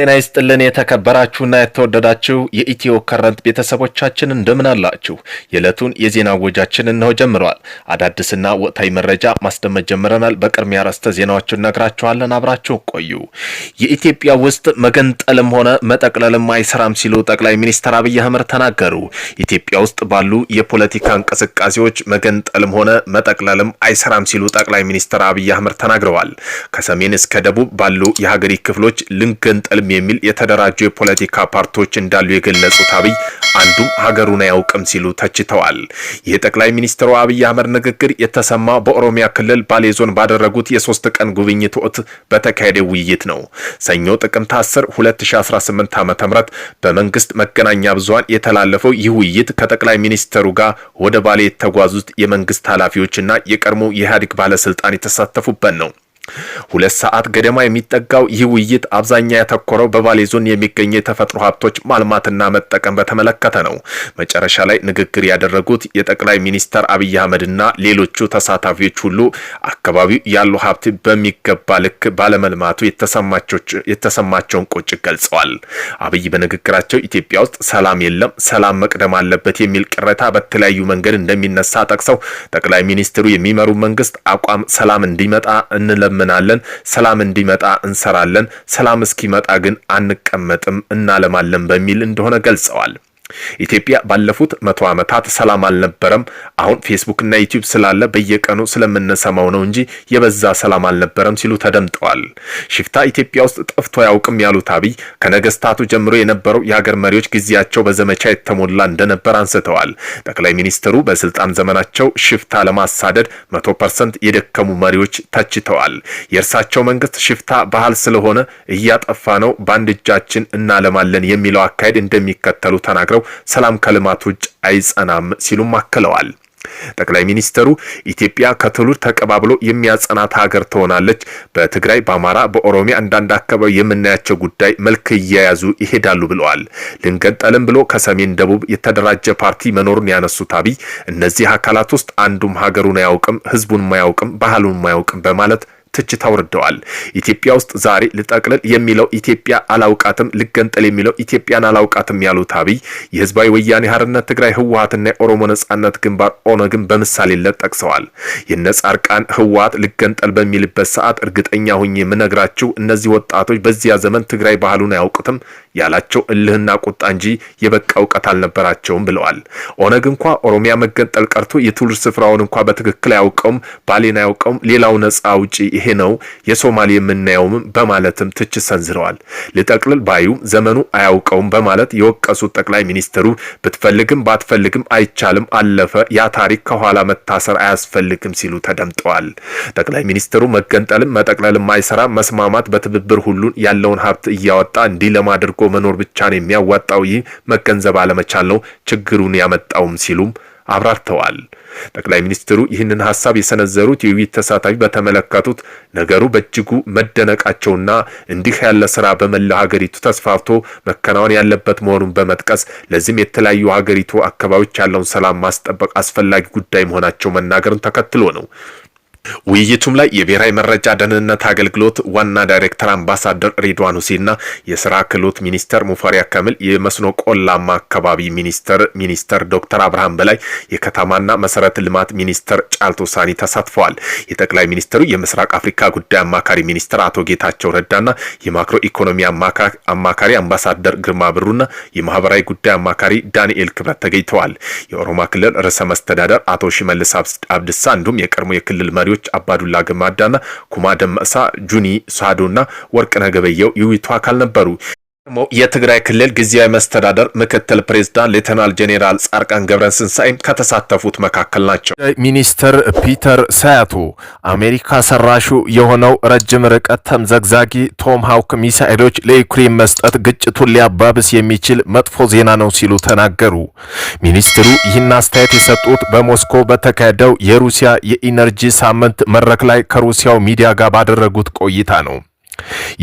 ጤና ይስጥልን የተከበራችሁና የተወደዳችሁ የኢትዮ ከረንት ቤተሰቦቻችን እንደምን አላችሁ? የዕለቱን የዜና ወጃችን እነሆ ጀምረዋል። አዳዲስና ወቅታዊ መረጃ ማስደመጥ ጀምረናል። በቅድሚያ ርዕሰ ዜናዎችን ነግራችኋለን። አብራችሁ ቆዩ። የኢትዮጵያ ውስጥ መገንጠልም ሆነ መጠቅለልም አይሰራም ሲሉ ጠቅላይ ሚኒስትር አብይ አህመድ ተናገሩ። ኢትዮጵያ ውስጥ ባሉ የፖለቲካ እንቅስቃሴዎች መገንጠልም ሆነ መጠቅለልም አይሰራም ሲሉ ጠቅላይ ሚኒስትር አብይ አህመድ ተናግረዋል። ከሰሜን እስከ ደቡብ ባሉ የሀገሪ ክፍሎች ልንገንጠል አይቻልም የሚል የተደራጁ የፖለቲካ ፓርቲዎች እንዳሉ የገለጹት አብይ አንዱም ሀገሩን አያውቅም ሲሉ ተችተዋል። የጠቅላይ ሚኒስትሩ አብይ አህመድ ንግግር የተሰማ በኦሮሚያ ክልል ባሌ ዞን ባደረጉት የሶስት ቀን ጉብኝት ወቅት በተካሄደ ውይይት ነው። ሰኞ ጥቅምት 10 2018 ዓ.ም በመንግስት መገናኛ ብዙሃን የተላለፈው ይህ ውይይት ከጠቅላይ ሚኒስትሩ ጋር ወደ ባሌ የተጓዙት የመንግስት ኃላፊዎችና የቀድሞ የኢህአዴግ ባለስልጣን የተሳተፉበት ነው። ሁለት ሰዓት ገደማ የሚጠጋው ይህ ውይይት አብዛኛው ያተኮረው በባሌ ዞን የሚገኙ የተፈጥሮ ሀብቶች ማልማትና መጠቀም በተመለከተ ነው። መጨረሻ ላይ ንግግር ያደረጉት የጠቅላይ ሚኒስትር አብይ አህመድና ሌሎቹ ተሳታፊዎች ሁሉ አካባቢው ያለው ሀብት በሚገባ ልክ ባለመልማቱ የተሰማቸውን ቁጭ ገልጸዋል። አብይ በንግግራቸው ኢትዮጵያ ውስጥ ሰላም የለም፣ ሰላም መቅደም አለበት የሚል ቅሬታ በተለያዩ መንገድ እንደሚነሳ ጠቅሰው ጠቅላይ ሚኒስትሩ የሚመሩ መንግስት አቋም ሰላም እንዲመጣ እንለም እንለምናለን፣ ሰላም እንዲመጣ እንሰራለን፣ ሰላም እስኪመጣ ግን አንቀመጥም፣ እናለማለን በሚል እንደሆነ ገልጸዋል። ኢትዮጵያ ባለፉት መቶ ዓመታት ሰላም አልነበረም። አሁን ፌስቡክና ዩቲዩብ ስላለ በየቀኑ ስለምንሰማው ነው እንጂ የበዛ ሰላም አልነበረም ሲሉ ተደምጠዋል። ሽፍታ ኢትዮጵያ ውስጥ ጠፍቶ አያውቅም ያሉት አብይ ከነገስታቱ ጀምሮ የነበረው የሀገር መሪዎች ጊዜያቸው በዘመቻ የተሞላ እንደነበር አንስተዋል። ጠቅላይ ሚኒስትሩ በስልጣን ዘመናቸው ሽፍታ ለማሳደድ መቶ ፐርሰንት የደከሙ መሪዎች ተችተዋል። የእርሳቸው መንግስት ሽፍታ ባህል ስለሆነ እያጠፋ ነው፣ በአንድ እጃችን እናለማለን የሚለው አካሄድ እንደሚከተሉ ተናግረው ሰላም ከልማት ውጭ አይጸናም ሲሉም አክለዋል። ጠቅላይ ሚኒስትሩ ኢትዮጵያ ከትውልድ ተቀባብሎ የሚያጸናት ሀገር ትሆናለች። በትግራይ፣ በአማራ፣ በኦሮሚያ አንዳንድ አካባቢ የምናያቸው ጉዳይ መልክ እየያዙ ይሄዳሉ ብለዋል። ልንገጠልም ብሎ ከሰሜን ደቡብ የተደራጀ ፓርቲ መኖሩን ያነሱት አብይ እነዚህ አካላት ውስጥ አንዱም ሀገሩን አያውቅም፣ ህዝቡን አያውቅም፣ ባህሉን አያውቅም በማለት ትችት አውርደዋል። ኢትዮጵያ ውስጥ ዛሬ ልጠቅልል የሚለው ኢትዮጵያ አላውቃትም፣ ልገንጠል የሚለው ኢትዮጵያን አላውቃትም ያሉት አብይ የህዝባዊ ወያኔ ሀርነት ትግራይ ህወሀትና የኦሮሞ ነጻነት ግንባር ኦነግን በምሳሌነት ጠቅሰዋል። የነጻርቃን ህወሀት ልገንጠል በሚልበት ሰዓት እርግጠኛ ሁኜ የምነግራችሁ እነዚህ ወጣቶች በዚያ ዘመን ትግራይ ባህሉን አያውቁትም ያላቸው እልህና ቁጣ እንጂ የበቃ እውቀት አልነበራቸውም ብለዋል። ኦነግ እንኳ ኦሮሚያ መገንጠል ቀርቶ የትውልድ ስፍራውን እንኳ በትክክል አያውቀውም፣ ባሌን አያውቀውም፣ ሌላው ነጻ አውጪ ይሄ ነው የሶማሌ የምናየውም በማለትም ትችት ሰንዝረዋል። ልጠቅልል ባዩም ዘመኑ አያውቀውም በማለት የወቀሱት ጠቅላይ ሚኒስትሩ ብትፈልግም ባትፈልግም አይቻልም፣ አለፈ፣ ያ ታሪክ ከኋላ መታሰር አያስፈልግም ሲሉ ተደምጠዋል። ጠቅላይ ሚኒስትሩ መገንጠልም መጠቅለልም አይሰራ መስማማት በትብብር ሁሉን ያለውን ሀብት እያወጣ እንዲህ አድርጎ አብሮ መኖር ብቻ ነው የሚያዋጣው። ይህ መገንዘብ አለመቻል ነው ችግሩን ያመጣውም ሲሉም አብራርተዋል። ጠቅላይ ሚኒስትሩ ይህንን ሀሳብ የሰነዘሩት የውይይት ተሳታፊ በተመለከቱት ነገሩ በእጅጉ መደነቃቸውና እንዲህ ያለ ስራ በመላ ሀገሪቱ ተስፋፍቶ መከናወን ያለበት መሆኑን በመጥቀስ ለዚህም የተለያዩ ሀገሪቱ አካባቢዎች ያለውን ሰላም ማስጠበቅ አስፈላጊ ጉዳይ መሆናቸው መናገርን ተከትሎ ነው። ውይይቱም ላይ የብሔራዊ መረጃ ደህንነት አገልግሎት ዋና ዳይሬክተር አምባሳደር ሪድዋን ሁሴንና የስራ ክህሎት ሚኒስተር ሙፈሪያ ካሚል፣ የመስኖ ቆላማ አካባቢ ሚኒስተር ሚኒስተር ዶክተር አብርሃም በላይ፣ የከተማና መሰረተ ልማት ሚኒስተር ጫልቶ ሳኒ ተሳትፈዋል። የጠቅላይ ሚኒስትሩ የምስራቅ አፍሪካ ጉዳይ አማካሪ ሚኒስትር አቶ ጌታቸው ረዳና የማክሮ ኢኮኖሚ አማካሪ አምባሳደር ግርማ ብሩና የማህበራዊ ጉዳይ አማካሪ ዳንኤል ክብረት ተገኝተዋል። የኦሮማ ክልል ርዕሰ መስተዳደር አቶ ሽመልስ አብድሳ እንዲሁም የቀድሞ የክልል መሪዎች ተጫዋቾች አባዱላ ገማዳና ኩማ ደመሳ፣ ጁኒ ሳዶና ወርቅነህ ገበየው የውይይቱ አካል ነበሩ። ደግሞ የትግራይ ክልል ጊዜያዊ መስተዳደር ምክትል ፕሬዝዳንት ሌተናል ጄኔራል ጻድቃን ገብረስንሳኤም ከተሳተፉት መካከል ናቸው። ሚኒስትር ፒተር ሳያቱ አሜሪካ ሰራሹ የሆነው ረጅም ርቀት ተምዘግዛጊ ቶም ሃውክ ሚሳኤሎች ለዩክሬን መስጠት ግጭቱን ሊያባብስ የሚችል መጥፎ ዜና ነው ሲሉ ተናገሩ። ሚኒስትሩ ይህን አስተያየት የሰጡት በሞስኮ በተካሄደው የሩሲያ የኢነርጂ ሳምንት መድረክ ላይ ከሩሲያው ሚዲያ ጋር ባደረጉት ቆይታ ነው።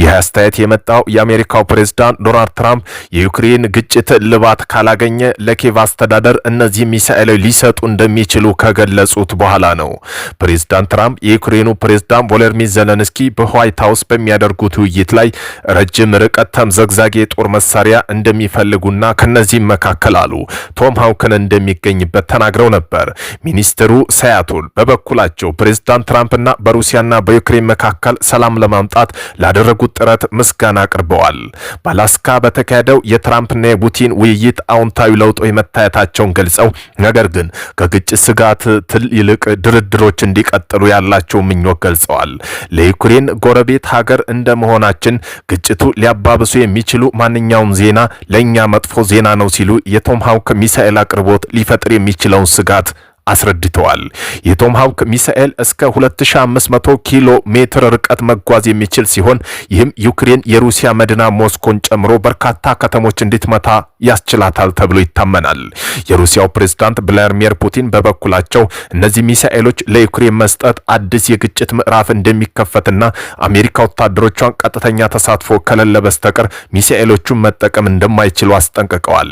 ይህ አስተያየት የመጣው የአሜሪካው ፕሬዝዳንት ዶናልድ ትራምፕ የዩክሬን ግጭት ልባት ካላገኘ ለኬቭ አስተዳደር እነዚህ ሚሳኤሎች ሊሰጡ እንደሚችሉ ከገለጹት በኋላ ነው። ፕሬዝዳንት ትራምፕ የዩክሬኑ ፕሬዝዳንት ቮሎዲሚር ዘለንስኪ በዋይት ሃውስ በሚያደርጉት ውይይት ላይ ረጅም ርቀት ተምዘግዛጊ የጦር መሳሪያ እንደሚፈልጉና ከነዚህም መካከል አሉ ቶም ሃውክን እንደሚገኝበት ተናግረው ነበር። ሚኒስትሩ ሳያቱል በበኩላቸው ፕሬዝዳንት ትራምፕና በሩሲያና በዩክሬን መካከል ሰላም ለማምጣት ላደረጉት ጥረት ምስጋና አቅርበዋል። በአላስካ በተካሄደው የትራምፕና የፑቲን ውይይት አዎንታዊ ለውጦች መታየታቸውን ገልጸው ነገር ግን ከግጭት ስጋት ትል ይልቅ ድርድሮች እንዲቀጥሉ ያላቸው ምኞት ገልጸዋል። ለዩክሬን ጎረቤት ሀገር እንደመሆናችን ግጭቱ ሊያባብሱ የሚችሉ ማንኛውም ዜና ለእኛ መጥፎ ዜና ነው ሲሉ የቶምሃውክ ሚሳኤል አቅርቦት ሊፈጥር የሚችለውን ስጋት አስረድተዋል። የቶም ሀውክ ሚሳኤል እስከ 2500 ኪሎ ሜትር ርቀት መጓዝ የሚችል ሲሆን ይህም ዩክሬን የሩሲያ መዲና ሞስኮን ጨምሮ በርካታ ከተሞች እንድትመታ ያስችላታል ተብሎ ይታመናል። የሩሲያው ፕሬዝዳንት ቭላዲሚር ፑቲን በበኩላቸው እነዚህ ሚሳኤሎች ለዩክሬን መስጠት አዲስ የግጭት ምዕራፍ እንደሚከፈትና አሜሪካ ወታደሮቿን ቀጥተኛ ተሳትፎ ከሌለ በስተቀር ሚሳኤሎቹን መጠቀም እንደማይችሉ አስጠንቅቀዋል።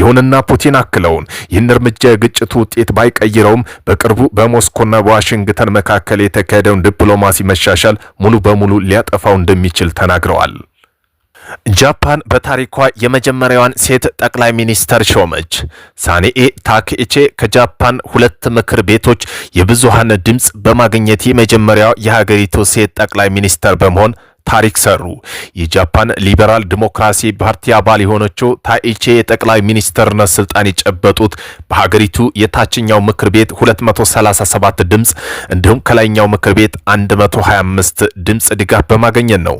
ይሁንና ፑቲን አክለውን ይህን እርምጃ የግጭቱ ውጤት ባይቀይረውም በቅርቡ በሞስኮና በዋሽንግተን መካከል የተካሄደውን ዲፕሎማሲ መሻሻል ሙሉ በሙሉ ሊያጠፋው እንደሚችል ተናግረዋል። ጃፓን በታሪኳ የመጀመሪያዋን ሴት ጠቅላይ ሚኒስተር ሾመች። ሳኔኤ ታኬቼ ከጃፓን ሁለት ምክር ቤቶች የብዙሃን ድምፅ በማግኘት የመጀመሪያው የሀገሪቱ ሴት ጠቅላይ ሚኒስተር በመሆን ታሪክ ሰሩ። የጃፓን ሊበራል ዲሞክራሲ ፓርቲ አባል የሆነችው ታኢቼ የጠቅላይ ሚኒስትርነት ስልጣን የጨበጡት በሀገሪቱ የታችኛው ምክር ቤት 237 ድምፅ እንዲሁም ከላይኛው ምክር ቤት 125 ድምፅ ድጋፍ በማገኘት ነው።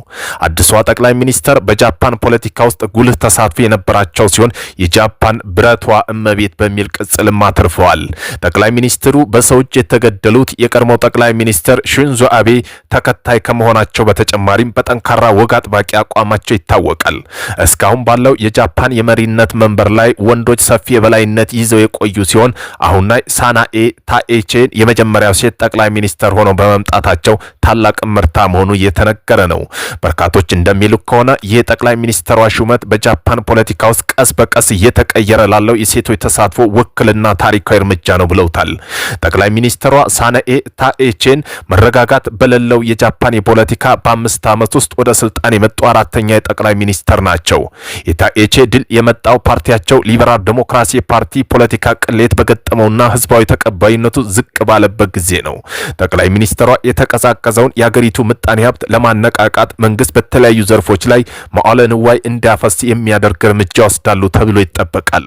አዲሷ ጠቅላይ ሚኒስትር በጃፓን ፖለቲካ ውስጥ ጉልህ ተሳትፎ የነበራቸው ሲሆን የጃፓን ብረቷ እመቤት በሚል ቅጽልም አትርፈዋል። ጠቅላይ ሚኒስትሩ በሰው እጅ የተገደሉት የቀድሞ ጠቅላይ ሚኒስትር ሽንዞ አቤ ተከታይ ከመሆናቸው በተጨማሪም በጠንካራ ወግ አጥባቂ አቋማቸው ይታወቃል። እስካሁን ባለው የጃፓን የመሪነት መንበር ላይ ወንዶች ሰፊ የበላይነት ይዘው የቆዩ ሲሆን አሁን ላይ ሳናኤ ታኤቼን የመጀመሪያው ሴት ጠቅላይ ሚኒስተር ሆነው በመምጣታቸው ታላቅ ምርታ መሆኑ እየተነገረ ነው። በርካቶች እንደሚሉ ከሆነ ይህ ጠቅላይ ሚኒስተሯ ሹመት በጃፓን ፖለቲካ ውስጥ ቀስ በቀስ እየተቀየረ ላለው የሴቶች ተሳትፎ ውክልና ታሪካዊ እርምጃ ነው ብለውታል። ጠቅላይ ሚኒስተሯ ሳናኤ ታኤቼን መረጋጋት በሌለው የጃፓን የፖለቲካ በአምስት ዓመት ዓመት ውስጥ ወደ ስልጣን የመጡ አራተኛ የጠቅላይ ሚኒስተር ናቸው። የታኤቼ ድል የመጣው ፓርቲያቸው ሊበራል ዴሞክራሲ ፓርቲ ፖለቲካ ቅሌት በገጠመውና ህዝባዊ ተቀባይነቱ ዝቅ ባለበት ጊዜ ነው። ጠቅላይ ሚኒስትሯ የተቀዛቀዘውን የአገሪቱ ምጣኔ ሀብት ለማነቃቃት መንግስት በተለያዩ ዘርፎች ላይ መዋለ ንዋይ እንዲያፈስ የሚያደርግ እርምጃ ወስዳሉ ተብሎ ይጠበቃል።